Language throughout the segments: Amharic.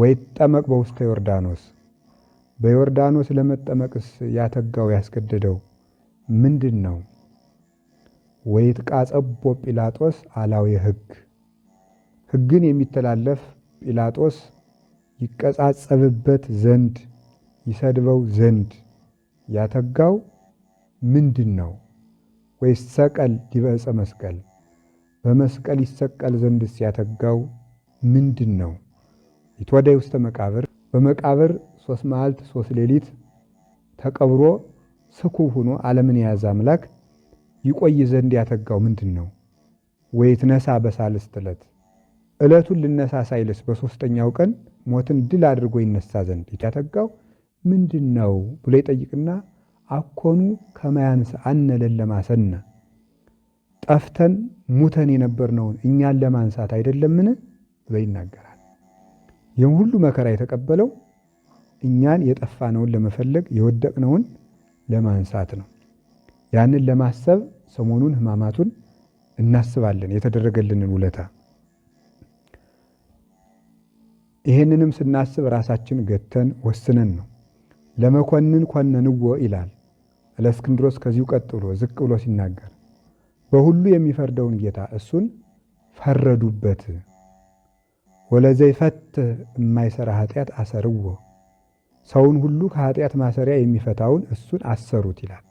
ወይጠመቅ በውስተ ዮርዳኖስ በዮርዳኖስ ለመጠመቅስ ያተጋው ያስገደደው ምንድን ነው? ወይትቃጸቦ ጲላጦስ አላዊ ሕግ ሕግን የሚተላለፍ ጲላጦስ ይቀጻጸብበት ዘንድ ይሰድበው ዘንድ ያተጋው ምንድን ነው? ወይሰቀል ሰቀል ዕፀ መስቀል በመስቀል ይሰቀል ዘንድስ ያተጋው ምንድን ነው? ይትወደይ ውስተ መቃብር በመቃብር ሶስት መዓልት ሶስት ሌሊት ተቀብሮ ስኩብ ሆኖ ዓለምን የያዘ አምላክ ይቆይ ዘንድ ያተጋው ምንድን ነው? ትነሳ በሳልስት ዕለት ዕለቱን ልነሳ ሳይልስ በሶስተኛው ቀን ሞትን ድል አድርጎ ይነሳ ዘንድ ያተጋው ምንድን ነው ብሎ ይጠይቅና አኮኑ ከማያንስ አነለን ጠፍተን ሙተን የነበርነውን እኛን ለማንሳት አይደለምን ብሎ ይናገራል። ይህም ሁሉ መከራ የተቀበለው እኛን የጠፋነውን ለመፈለግ የወደቅነውን ለማንሳት ነው። ያንን ለማሰብ ሰሞኑን ሕማማቱን እናስባለን፣ የተደረገልንን ውለታ። ይህንንም ስናስብ ራሳችን ገተን ወስነን ነው። ለመኮንን ኮነንዎ ይላል እለእስክንድሮስ ከዚሁ ቀጥ ዝቅ ብሎ ሲናገር በሁሉ የሚፈርደውን ጌታ እሱን ፈረዱበት። ወለዘይፈት የማይሰራ ኃጢአት አሰርዎ ሰውን ሁሉ ከኃጢአት ማሰሪያ የሚፈታውን እሱን አሰሩት ይላል።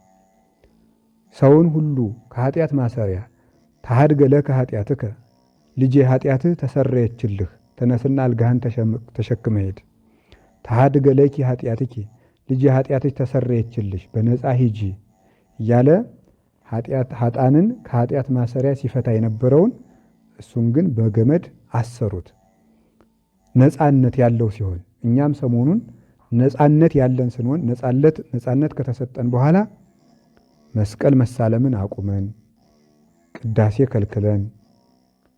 ሰውን ሁሉ ከኃጢአት ማሰሪያ ታሃድገ ለከ ኃጢአትከ ልጄ ኃጢአትህ ተሰረየችልህ ተነስና አልጋህን ተሸክመ ሂድ። ታሃድገ ለኪ ኃጢአትኪ ልጄ ኃጢአትሽ ተሰረየችልሽ በነፃ ሂጂ እያለ ኃጣንን ከኃጢአት ማሰሪያ ሲፈታ የነበረውን እሱን ግን በገመድ አሰሩት። ነፃነት ያለው ሲሆን እኛም ሰሞኑን ነፃነት ያለን ስንሆን ነፃነት ነፃነት ከተሰጠን በኋላ መስቀል መሳለምን አቁመን ቅዳሴ ከልክለን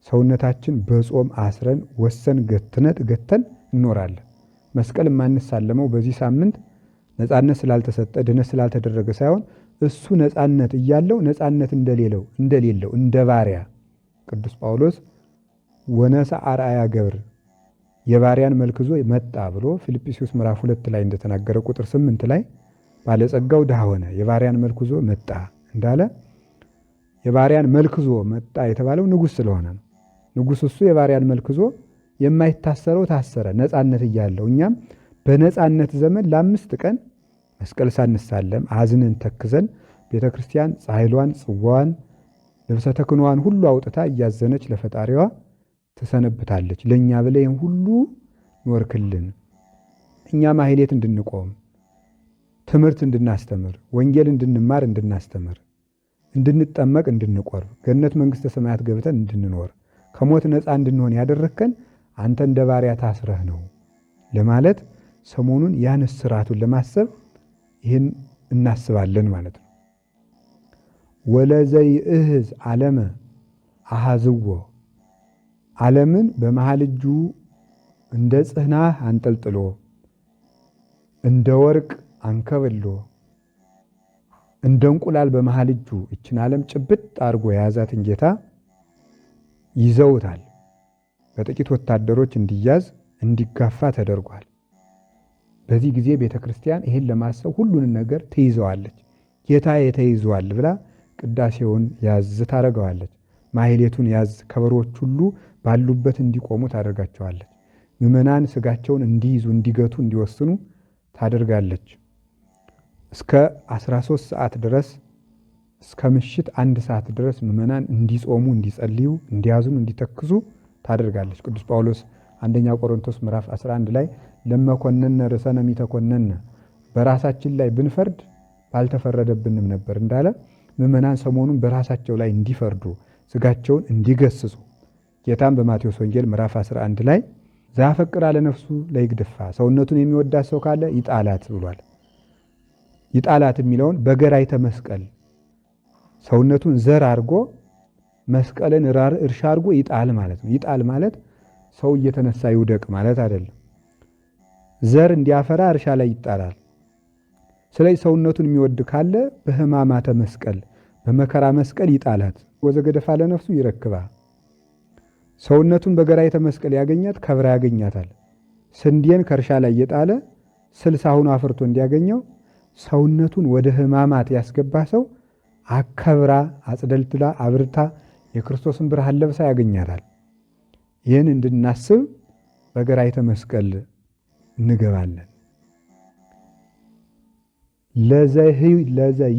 ሰውነታችን በጾም አስረን ወሰን ገትነት ገተን እንኖራለን። መስቀል የማንሳለመው በዚህ ሳምንት ነፃነት ስላልተሰጠ ድነት ስላልተደረገ ሳይሆን እሱ ነፃነት እያለው ነፃነት እንደሌለው እንደሌለው እንደ ባሪያ ቅዱስ ጳውሎስ ወነሳ አርአያ ገብር የባሪያን መልክ ይዞ መጣ ብሎ ፊልጵስዩስ ምዕራፍ ሁለት ላይ እንደተናገረ ቁጥር ስምንት ላይ ባለጸጋው ድሃ ሆነ የባሪያን መልክ ይዞ መጣ እንዳለ የባሪያን መልክ ይዞ መጣ የተባለው ንጉሥ ስለሆነ ነው። ንጉሥ እሱ የባሪያን መልክ ይዞ የማይታሰረው ታሰረ ነፃነት እያለው እኛም በነፃነት ዘመን ለአምስት ቀን መስቀል ሳንሳለም አዝነን ተክዘን ቤተ ክርስቲያን ፀሐይሏን፣ ጽዋዋን፣ ልብሰ ሁሉ አውጥታ እያዘነች ለፈጣሪዋ ትሰነብታለች። ለእኛ ብለ ሁሉ ኖርክልን። እኛ ማህሌት እንድንቆም ትምህርት እንድናስተምር ወንጌል እንድንማር እንድናስተምር እንድንጠመቅ እንድንቆርብ ገነት መንግሥተ ሰማያት ገብተን እንድንኖር ከሞት ነፃ እንድንሆን ያደረግከን አንተ እንደ ባሪያ ታስረህ ነው ለማለት ሰሞኑን ያን ስራቱን ለማሰብ ይህን እናስባለን ማለት ነው። እህዝ አለመ አሃዝዎ ዓለምን በመሃል እጁ እንደ ጽህና አንጠልጥሎ እንደ ወርቅ አንከብሎ እንደ እንቁላል በመሃል እጁ እችን ዓለም ጭብጥ አድርጎ የያዛትን ጌታ ይዘውታል። በጥቂት ወታደሮች እንዲያዝ እንዲጋፋ ተደርጓል። በዚህ ጊዜ ቤተ ክርስቲያን ይህን ለማሰብ ሁሉንም ነገር ትይዘዋለች። ጌታ የተይዘዋል ብላ ቅዳሴውን ያዝ ታደርገዋለች። ማህሌቱን ያዝ፣ ከበሮዎች ሁሉ ባሉበት እንዲቆሙ ታደርጋቸዋለች። ምዕመናን ስጋቸውን እንዲይዙ፣ እንዲገቱ፣ እንዲወስኑ ታደርጋለች። እስከ 13 ሰዓት ድረስ እስከ ምሽት አንድ ሰዓት ድረስ ምዕመናን እንዲጾሙ፣ እንዲጸልዩ፣ እንዲያዝኑ፣ እንዲተክዙ ታደርጋለች። ቅዱስ ጳውሎስ አንደኛ ቆሮንቶስ ምዕራፍ 11 ላይ ለመኮነነ ርዕሰነ ሚተኮነነ በራሳችን ላይ ብንፈርድ ባልተፈረደብንም ነበር እንዳለ ምዕመናን ሰሞኑን በራሳቸው ላይ እንዲፈርዱ ስጋቸውን እንዲገስጹ ጌታም በማቴዎስ ወንጌል ምዕራፍ 11 ላይ ዛፈቅር አለ ነፍሱ ለይግድፋ ሰውነቱን የሚወዳት ሰው ካለ ይጣላት ብሏል። ይጣላት የሚለውን በገራይተ መስቀል ሰውነቱን ዘር አድርጎ መስቀልን እርሻ አድርጎ ይጣል ማለት ነው። ይጣል ማለት ሰው እየተነሳ ይውደቅ ማለት አይደለም። ዘር እንዲያፈራ እርሻ ላይ ይጣላል። ስለዚህ ሰውነቱን የሚወድ ካለ በሕማማተ መስቀል በመከራ መስቀል ይጣላት። ወዘገደፋ ለነፍሱ ይረክባ ሰውነቱን በገራይተ መስቀል ያገኛት ከብራ ያገኛታል። ስንዴን ከእርሻ ላይ የጣለ ስልሳሁን አፍርቶ እንዲያገኘው ሰውነቱን ወደ ሕማማት ያስገባ ሰው አከብራ አጽደልትላ አብርታ የክርስቶስን ብርሃን ለብሳ ያገኛታል። ይህን እንድናስብ በገራይተ መስቀል እንገባለን።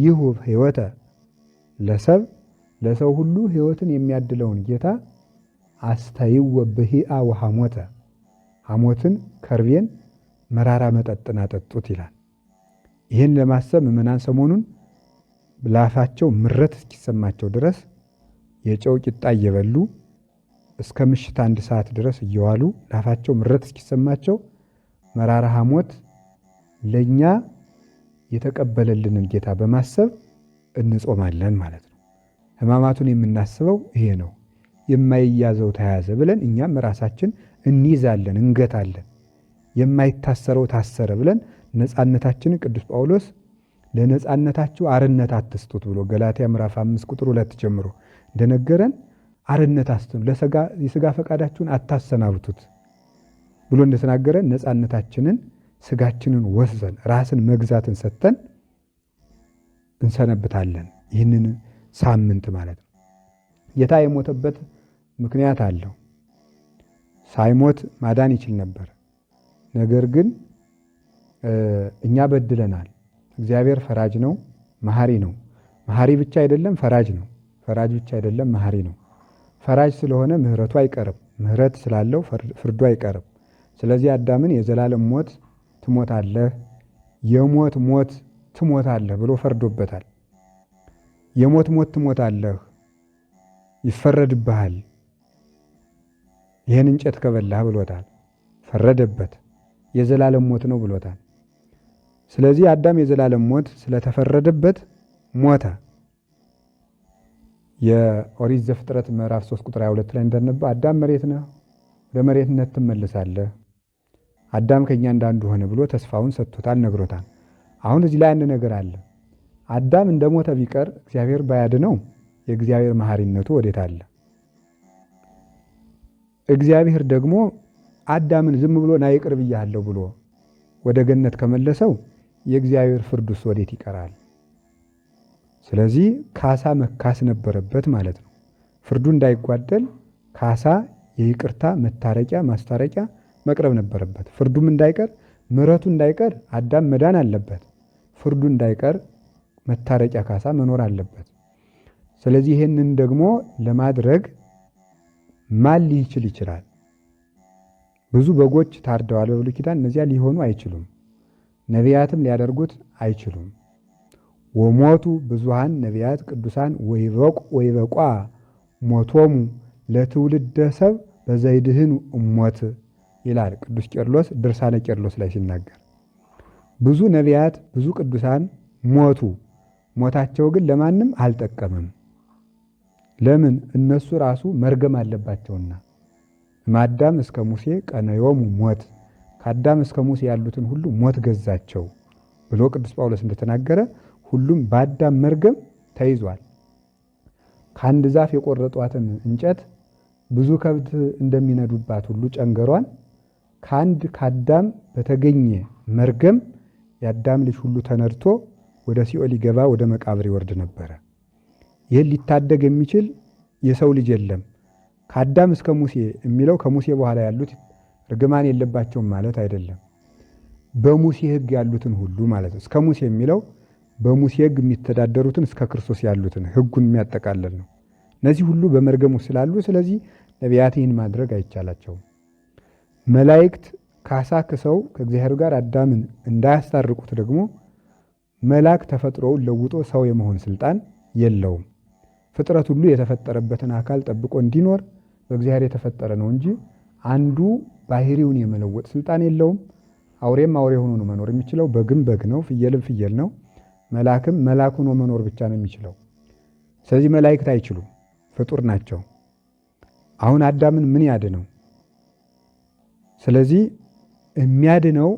ይሁብ ሕይወተ ለሰብ ለሰው ሁሉ ሕይወትን የሚያድለውን ጌታ አስተይወ ብሂአ ወሐሞተ ሐሞትን ከርቤን መራራ መጠጥን አጠጡት ይላል። ይህን ለማሰብ ምዕመናን ሰሞኑን ላፋቸው ምረት እስኪሰማቸው ድረስ የጨው ቂጣ እየበሉ እስከ ምሽት አንድ ሰዓት ድረስ እየዋሉ ላፋቸው ምረት እስኪሰማቸው መራራ ሐሞት ለእኛ የተቀበለልንን ጌታ በማሰብ እንጾማለን ማለት ነው። ህማማቱን የምናስበው ይሄ ነው። የማይያዘው ተያዘ ብለን እኛም ራሳችን እንይዛለን፣ እንገታለን። የማይታሰረው ታሰረ ብለን ነፃነታችንን ቅዱስ ጳውሎስ ለነፃነታችሁ አርነት አትስጡት ብሎ ገላትያ ምዕራፍ አምስት ቁጥር ሁለት ጀምሮ እንደነገረን አርነት አስቱ የስጋ ፈቃዳችሁን አታሰናብቱት ብሎ እንደተናገረን ነፃነታችንን ስጋችንን ወስዘን ራስን መግዛትን ሰጥተን እንሰነብታለን። ይህንን ሳምንት ማለት ነው። ጌታ የሞተበት ምክንያት አለው። ሳይሞት ማዳን ይችል ነበር። ነገር ግን እኛ በድለናል። እግዚአብሔር ፈራጅ ነው፣ መሐሪ ነው። መሐሪ ብቻ አይደለም፣ ፈራጅ ነው። ፈራጅ ብቻ አይደለም፣ መሐሪ ነው። ፈራጅ ስለሆነ ምሕረቱ አይቀርም። ምሕረት ስላለው ፍርዱ አይቀርም። ስለዚህ አዳምን የዘላለም ሞት ትሞታለህ፣ የሞት ሞት ትሞታለህ ብሎ ፈርዶበታል። የሞት ሞት ትሞታለህ፣ ይፈረድብሃል፣ ይህን እንጨት ከበላህ ብሎታል። ፈረደበት። የዘላለም ሞት ነው ብሎታል። ስለዚህ አዳም የዘላለም ሞት ስለተፈረደበት ሞተ። የኦሪት ዘፍጥረት ምዕራፍ 3 ቁጥር 22 ላይ እንደነበ አዳም መሬት ነህ፣ ወደ መሬትነት ትመልሳለህ፣ አዳም ከእኛ እንዳንዱ ሆነ ብሎ ተስፋውን ሰጥቶታል፣ ነግሮታል። አሁን እዚህ ላይ አንድ ነገር አለ። አዳም እንደሞተ ቢቀር እግዚአብሔር ባያድነው የእግዚአብሔር መሐሪነቱ ወዴት አለ? እግዚአብሔር ደግሞ አዳምን ዝም ብሎ ና ይቅር ብያለሁ ብሎ ወደ ገነት ከመለሰው የእግዚአብሔር ፍርዱስ ወዴት ይቀራል? ስለዚህ ካሳ መካስ ነበረበት ማለት ነው። ፍርዱ እንዳይጓደል ካሳ፣ የይቅርታ መታረቂያ፣ ማስታረቂያ መቅረብ ነበረበት። ፍርዱም እንዳይቀር ምሕረቱ እንዳይቀር አዳም መዳን አለበት። ፍርዱ እንዳይቀር መታረቂያ ካሳ መኖር አለበት። ስለዚህ ይህንን ደግሞ ለማድረግ ማን ሊችል ይችላል? ብዙ በጎች ታርደዋል በብሉይ ኪዳን። እነዚያ ሊሆኑ አይችሉም። ነቢያትም ሊያደርጉት አይችሉም። ወሞቱ ብዙሃን ነቢያት ቅዱሳን ወይበቁ ወይበቋ ሞቶሙ ለትውልደ ሰብ በዘይድህን እሞት ይላል ቅዱስ ቄርሎስ ድርሳነ ቄርሎስ ላይ ሲናገር ብዙ ነቢያት ብዙ ቅዱሳን ሞቱ ሞታቸው ግን ለማንም አልጠቀምም። ለምን? እነሱ ራሱ መርገም አለባቸውና ማዳም እስከ ሙሴ ቀነዮሙ ሞት ከአዳም እስከ ሙሴ ያሉትን ሁሉ ሞት ገዛቸው ብሎ ቅዱስ ጳውሎስ እንደተናገረ ሁሉም በአዳም መርገም ተይዟል። ከአንድ ዛፍ የቆረጧትን እንጨት ብዙ ከብት እንደሚነዱባት ሁሉ ጨንገሯን ከአንድ ከአዳም በተገኘ መርገም የአዳም ልጅ ሁሉ ተነድቶ ወደ ሲኦል ይገባ፣ ወደ መቃብር ይወርድ ነበረ። ይህን ሊታደግ የሚችል የሰው ልጅ የለም። ከአዳም እስከ ሙሴ የሚለው ከሙሴ በኋላ ያሉት እርግማን የለባቸውም ማለት አይደለም። በሙሴ ሕግ ያሉትን ሁሉ ማለት ነው። እስከ ሙሴ የሚለው በሙሴ ሕግ የሚተዳደሩትን እስከ ክርስቶስ ያሉትን ሕጉን የሚያጠቃልል ነው። እነዚህ ሁሉ በመርገሙ ስላሉ፣ ስለዚህ ነቢያት ይህን ማድረግ አይቻላቸውም። መላእክት ካሳ ከሰው ከእግዚአብሔር ጋር አዳምን እንዳያስታርቁት ደግሞ መልአክ ተፈጥሮውን ለውጦ ሰው የመሆን ስልጣን የለውም። ፍጥረት ሁሉ የተፈጠረበትን አካል ጠብቆ እንዲኖር በእግዚአብሔር የተፈጠረ ነው እንጂ አንዱ ባህሪውን የመለወጥ ስልጣን የለውም። አውሬም አውሬ ሆኖ ነው መኖር የሚችለው። በግም በግ ነው፣ ፍየልም ፍየል ነው። መልአክም መልአክ ሆኖ መኖር ብቻ ነው የሚችለው። ስለዚህ መላእክት አይችሉም፣ ፍጡር ናቸው። አሁን አዳምን ምን ያድነው? ስለዚህ የሚያድነው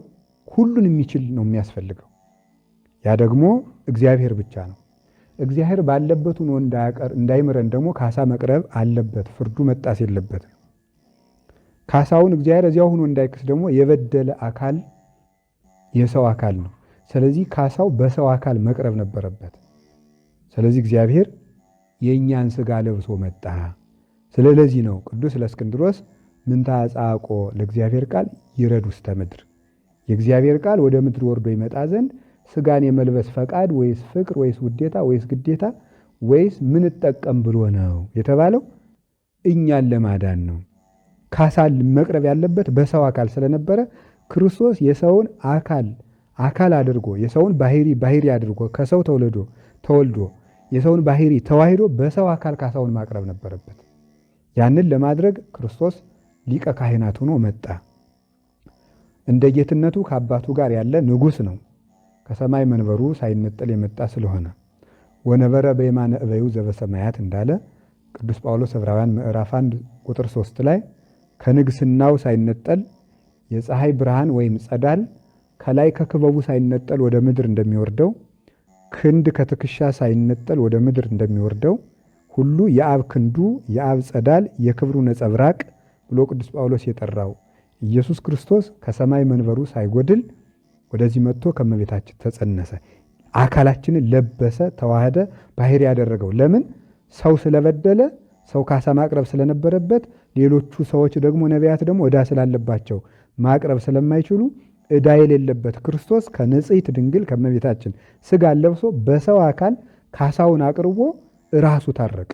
ሁሉን የሚችል ነው የሚያስፈልገው ያ ደግሞ እግዚአብሔር ብቻ ነው። እግዚአብሔር ባለበት ሆኖ እንዳይምረን ደግሞ ካሳ መቅረብ አለበት። ፍርዱ መጣስ የለበትም። ካሳውን እግዚአብሔር እዚያው ሆኖ እንዳይክስ ደግሞ የበደለ አካል የሰው አካል ነው። ስለዚህ ካሳው በሰው አካል መቅረብ ነበረበት። ስለዚህ እግዚአብሔር የእኛን ስጋ ለብሶ መጣ። ስለለዚህ ነው ቅዱስ ለእስክንድሮስ ምንታ ጻቆ ለእግዚአብሔር ቃል ይረድ ውስተ ምድር፣ የእግዚአብሔር ቃል ወደ ምድር ወርዶ ይመጣ ዘንድ ስጋን የመልበስ ፈቃድ ወይስ ፍቅር ወይስ ውዴታ ወይስ ግዴታ ወይስ ምን ጠቀም ብሎ ነው የተባለው? እኛን ለማዳን ነው። ካሳ መቅረብ ያለበት በሰው አካል ስለነበረ ክርስቶስ የሰውን አካል አካል አድርጎ የሰውን ባህሪ ባህሪ አድርጎ ከሰው ተወልዶ ተወልዶ የሰውን ባህሪ ተዋሂዶ በሰው አካል ካሳውን ማቅረብ ነበረበት። ያንን ለማድረግ ክርስቶስ ሊቀ ካህናት ሆኖ መጣ። እንደ ጌትነቱ ከአባቱ ጋር ያለ ንጉሥ ነው። ከሰማይ መንበሩ ሳይነጠል የመጣ ስለሆነ ወነበረ በየማነ እበዩ ዘበሰማያት እንዳለ ቅዱስ ጳውሎስ ዕብራውያን ምዕራፍ 1 ቁጥር 3 ላይ ከንግስናው ሳይነጠል የፀሐይ ብርሃን ወይም ጸዳል ከላይ ከክበቡ ሳይነጠል ወደ ምድር እንደሚወርደው ክንድ ከትከሻ ሳይነጠል ወደ ምድር እንደሚወርደው ሁሉ የአብ ክንዱ የአብ ጸዳል የክብሩ ነጸብራቅ ብሎ ቅዱስ ጳውሎስ የጠራው ኢየሱስ ክርስቶስ ከሰማይ መንበሩ ሳይጎድል ወደዚህ መጥቶ ከመቤታችን ተጸነሰ፣ አካላችንን ለበሰ፣ ተዋህደ፣ ባህር ያደረገው ለምን ሰው ስለበደለ ሰው ካሳ ማቅረብ ስለነበረበት ሌሎቹ ሰዎች ደግሞ ነቢያት ደግሞ ዕዳ ስላለባቸው ማቅረብ ስለማይችሉ ዕዳ የሌለበት ክርስቶስ ከንጽሕት ድንግል ከመቤታችን ስጋ ለብሶ በሰው አካል ካሳውን አቅርቦ ራሱ ታረቀ።